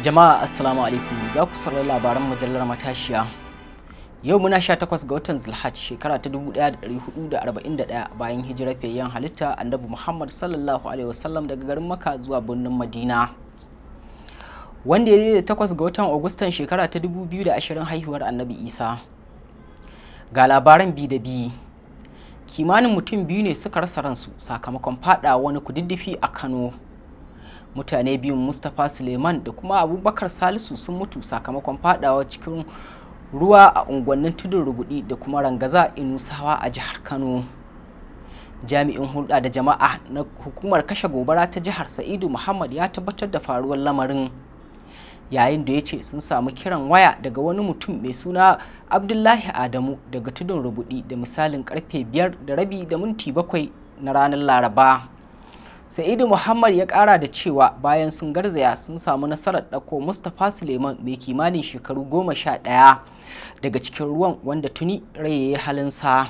Jama'a Assalamu alaikum za ku saurari labaran mujallar matashiya. Yau muna 18 ga watan Zulhaj shekara ta 1441 bayan hijirar fayyan halitta Annabi Muhammad sallallahu alaihi wasallam daga garin Makka zuwa birnin Madina. Wanda ya da 8 ga watan Agustan shekara ta 2020 haihuwar Annabi Isa. Ga labaran bi da bi. Kimanin mutum biyu ne suka rasa ransu sakamakon fada wani kududdufi a Kano. mutane biyun mustapha suleiman da kuma abubakar salisu sun mutu sakamakon fadawa cikin ruwa a unguwannin tudun Rubudi da kuma rangaza inusawa a jihar kano jami'in hulɗa da jama'a na hukumar kashe gobara ta jihar sa'idu muhammad ya tabbatar da faruwar lamarin yayin da ya ce sun samu kiran waya daga wani mutum mai suna abdullahi adamu daga tudun rubudi da misalin karfe biyar da rabi da minti bakwai na ranar laraba sa'idu muhammad ya kara da cewa bayan sun garzaya sun samu nasarar ɗauko mustapha suleiman mai kimanin shekaru goma sha ɗaya daga cikin ruwan wanda tuni raye halinsa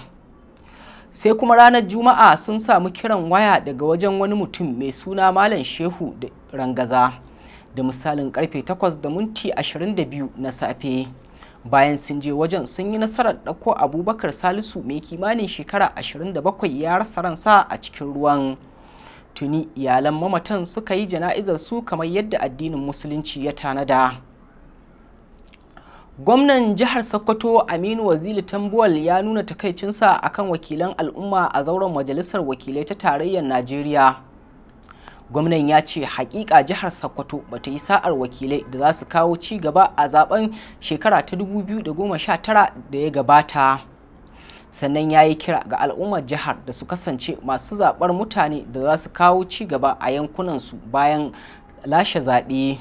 sai kuma ranar juma'a sun samu kiran waya daga wajen wani mutum mai suna malam shehu da rangaza da misalin karfe 8 da minti 22 na safe bayan sun je wajen sun yi nasarar ɗauko abubakar salisu mai kimanin shekara 27 ya rasa ransa a cikin ruwan tuni iyalan mamatan suka yi jana'izar su kamar yadda addinin musulunci ya tanada gwamnan jihar sokoto aminu waziri tambuwal ya nuna takaicinsa a kan wakilan al'umma a zauren majalisar wakilai ta tarayyar najeriya gwamnan ya ce hakika jihar sokoto bata yi sa'ar wakilai da za su kawo ci gaba a zaben shekara ta 2019 da ya gabata sannan ya yi kira ga al'ummar jihar da su kasance masu zaɓar mutane da za su kawo ci gaba a yankunansu bayan lashe zaɓe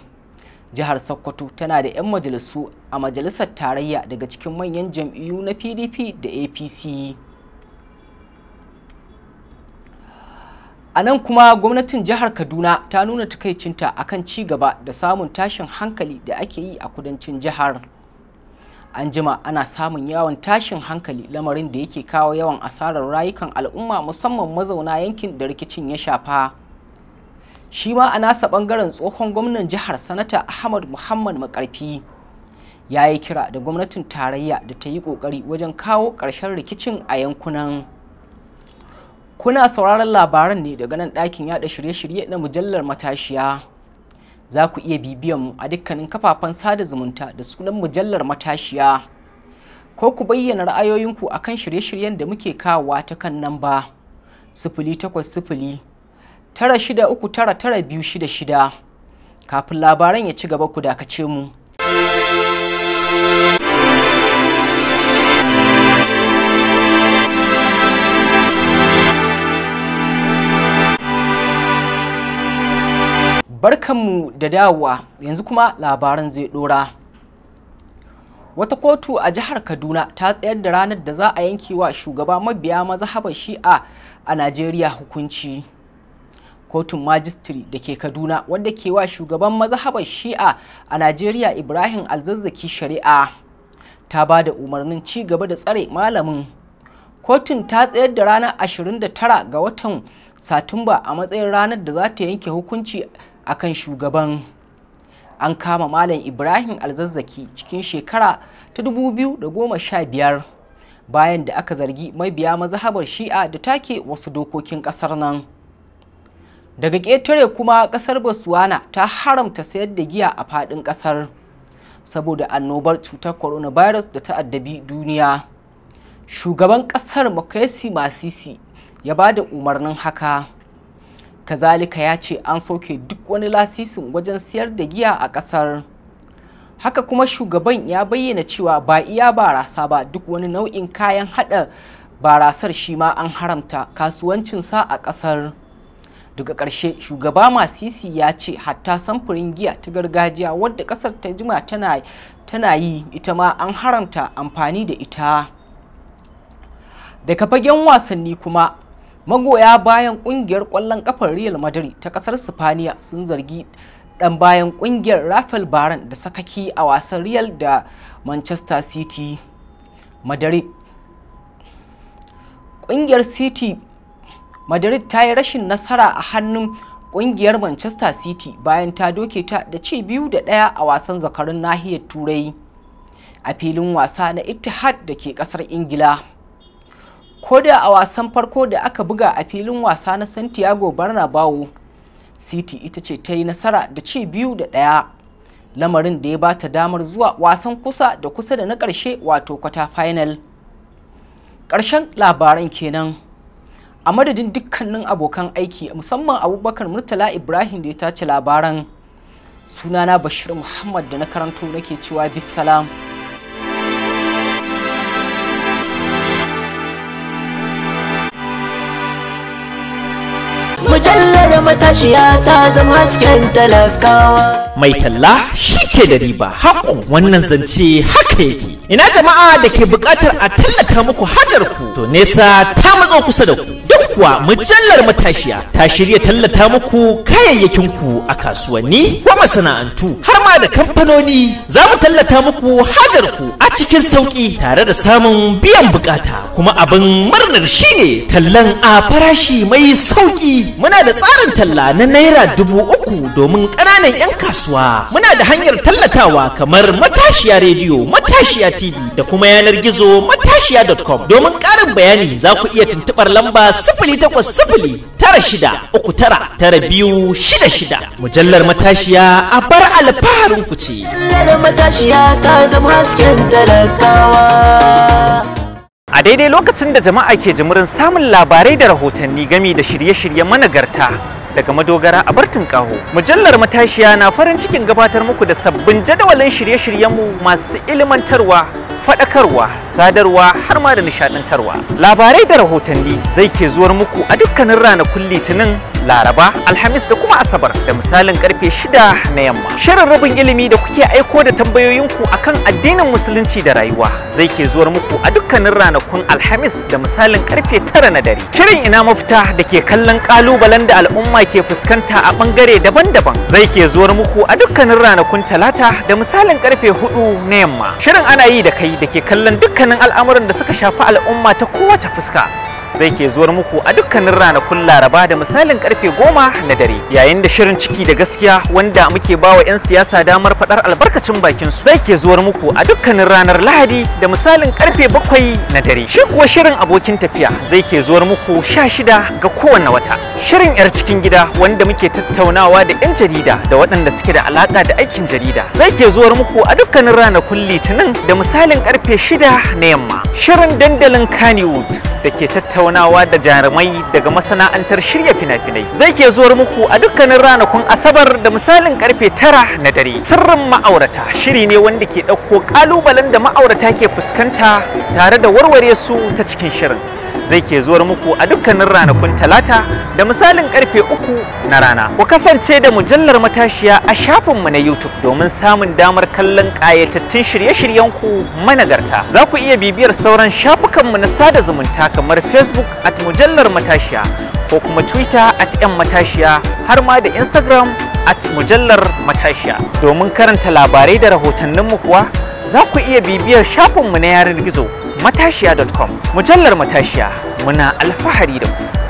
jihar sokoto tana da 'yan majalisu a majalisar tarayya daga cikin manyan jam'iyyu na pdp da apc a nan kuma gwamnatin jihar kaduna ta nuna takaicinta akan ci gaba da samun tashin hankali da ake yi a kudancin jihar an jima ana samun yawon tashin hankali lamarin da yake kawo yawan asarar rayukan al'umma musamman mazauna yankin da rikicin ya shafa shi ma a nasa bangaren tsohon gwamnan jihar sanata ahmad muhammad makarfi ya yi kira da gwamnatin tarayya da ta yi kokari wajen kawo ƙarshen rikicin a yankunan kuna sauraron labaran ne daga nan ɗakin yada shirye-shirye na mujallar matashiya za ku iya bibiyan mu a dukkanin kafafen sada zumunta da sunan mujallar matashiya ko ku bayyana ra'ayoyinku akan shirye-shiryen da muke kawowa ta kan nan ba sifili takwas sifili tara shida uku tara tara biyu shida shida kafin labaran ya ci gaba ku dakace mu barkanmu da dawowa yanzu kuma labaran zai dora wata kotu a jihar kaduna ta tsayar da ranar da za a yanke wa shugaba mabiya mazhabar shi'a a najeriya hukunci kotun majistri da ke kaduna wadda ke wa shugaban mazhabar shi'a a najeriya ibrahim alzazzaki shari'a ta ba da umarnin ci gaba da tsare malamin kotun ta tsayar da ranar 29 ga watan satumba a matsayin ranar da za ta yanke hukunci akan shugaban an kama malam ibrahim alzazzaki cikin shekara ta 2015 bayan da aka zargi mabiya mazhabar shi'a da take wasu dokokin kasar nan daga ƙetare kuma ƙasar botswana ta haramta sayar da giya a faɗin ƙasar saboda annobar cutar coronavirus da ta addabi duniya shugaban ƙasar makaisi masisi ya ba da umarnin haka kazalika ya ce an sauke duk wani lasisin wajen siyar da giya a ƙasar haka kuma shugaban ya bayyana cewa ba iya barasa ba duk wani nau'in kayan hada barasar shi ma an haramta kasuwancinsa a ƙasar daga ƙarshe shugaba masisi ya ce hatta samfurin giya ta gargajiya wadda ƙasar ta jima tana yi ita ma an haramta amfani da ita daga fagen wasanni kuma magoya bayan kungiyar kwallon kafar real madrid ta kasar sifaniya sun zargi dan bayan kungiyar rafael baran da sakaki a wasan real da manchester city madrid kungiyar city madrid ta yi rashin nasara a hannun kungiyar manchester city bayan ta doke ta da ci biyu da ɗaya a wasan zakarun nahiyar turai a filin wasa na ittihad da ke kasar ingila ko da a wasan farko da aka buga a filin wasa na santiago bawo, city ita ce ta yi nasara da ci biyu da ɗaya lamarin da ya ba ta damar zuwa wasan kusa da kusa da na ƙarshe wato kwata final ƙarshen labaran kenan a madadin dukkanin abokan aiki musamman abubakar murtala ibrahim da ya tace labaran sunana bashir muhammad da na karanto nake cewa bisalam. salam matashiya ta zama hasken talakawa mai talla shi ke da riba haƙon wannan zance haka yake ina jama'a da ke buƙatar a tallata muku hajar ku to nesa ta matso kusa da ku Duk kuwa mujallar matashiya ta shirya tallata muku kayayyakin ku a kasuwanni ko masana'antu har da kamfanoni za mu tallata muku hajar ku a cikin sauƙi tare da samun biyan bukata kuma abin murnar shine tallan a farashi mai sauƙi muna da tsarin talla na naira dubu uku domin ƙananan 'yan kasuwa muna da hanyar tallatawa kamar matashiya rediyo matashiya tv da kuma yanar gizo matashiya.com domin ƙarin bayani za ku iya tuntuɓar lamba sifili takwas sifili mujallar matashiya a bar alfaharin ku ce. matashiya ta zama hasken talakawa. A daidai lokacin da jama'a ke jimurin samun labarai da rahotanni gami da shirye shiryen managarta daga madogara a Bartin Kaho. Mujallar Matashiya na farin cikin gabatar muku da sabbin jadawalin shirye-shiryenmu masu ilimantarwa faɗakarwa, sadarwa har ma da nishaɗantarwa. Labarai da rahotanni zai ke zuwar muku a dukkanin ranakun Litinin laraba alhamis da kuma asabar da misalin karfe shida na yamma shirin rabin ilimi da kuke aiko da tambayoyinku kan addinin musulunci da rayuwa zai ke zuwar muku a dukkanin ranakun alhamis da misalin karfe tara na dare shirin ina mafita da ke kallon kalubalen da al'umma ke fuskanta a bangare daban-daban zai ke zuwar muku a dukkanin ranakun talata da misalin karfe hudu na yamma shirin ana yi da kai da ke kallon dukkanin al'amuran da suka shafi al'umma ta kowace fuska zai ke zuwar muku a dukkanin ranakun laraba da misalin karfe goma na dare yayin da shirin ciki da gaskiya wanda muke bawa 'yan siyasa damar faɗar albarkacin bakin su zai ke zuwar muku a dukkanin ranar lahadi da misalin karfe bakwai na dare shi kuwa shirin abokin tafiya zai ke zuwar muku sha shida ga kowane wata shirin 'yar cikin gida wanda muke tattaunawa da 'yan jarida da waɗanda suke da alaƙa da aikin jarida zai ke zuwar muku a dukkanin ranakun litinin da misalin karfe shida na yamma shirin dandalin Kannywood da ke tattaunawa da jarumai daga masana'antar shirya fina-finai zai ke zuwar muku a dukkanin ranakun asabar da misalin karfe tara na dare sirrin ma'aurata shiri ne wanda ke ɗauko ƙalubalen da ma'aurata ke fuskanta tare da warware su ta cikin shirin zai ke zuwar muku a dukkanin ranakun talata da misalin karfe uku na rana. Ku kasance da mujallar matashiya a shafinmu na YouTube domin samun damar kallon ƙayatattun shirye-shiryenku managarta. Za ku iya bibiyar sauran shafukanmu na sada zumunta kamar Facebook at mujallar matashiya ko kuma Twitter at 'yan matashiya har ma da Instagram at mujallar matashiya. Domin karanta labarai da rahotanninmu kuwa za ku iya bibiyar shafinmu na yanar gizo matashiya.com mujallar matashiya muna alfahari da ku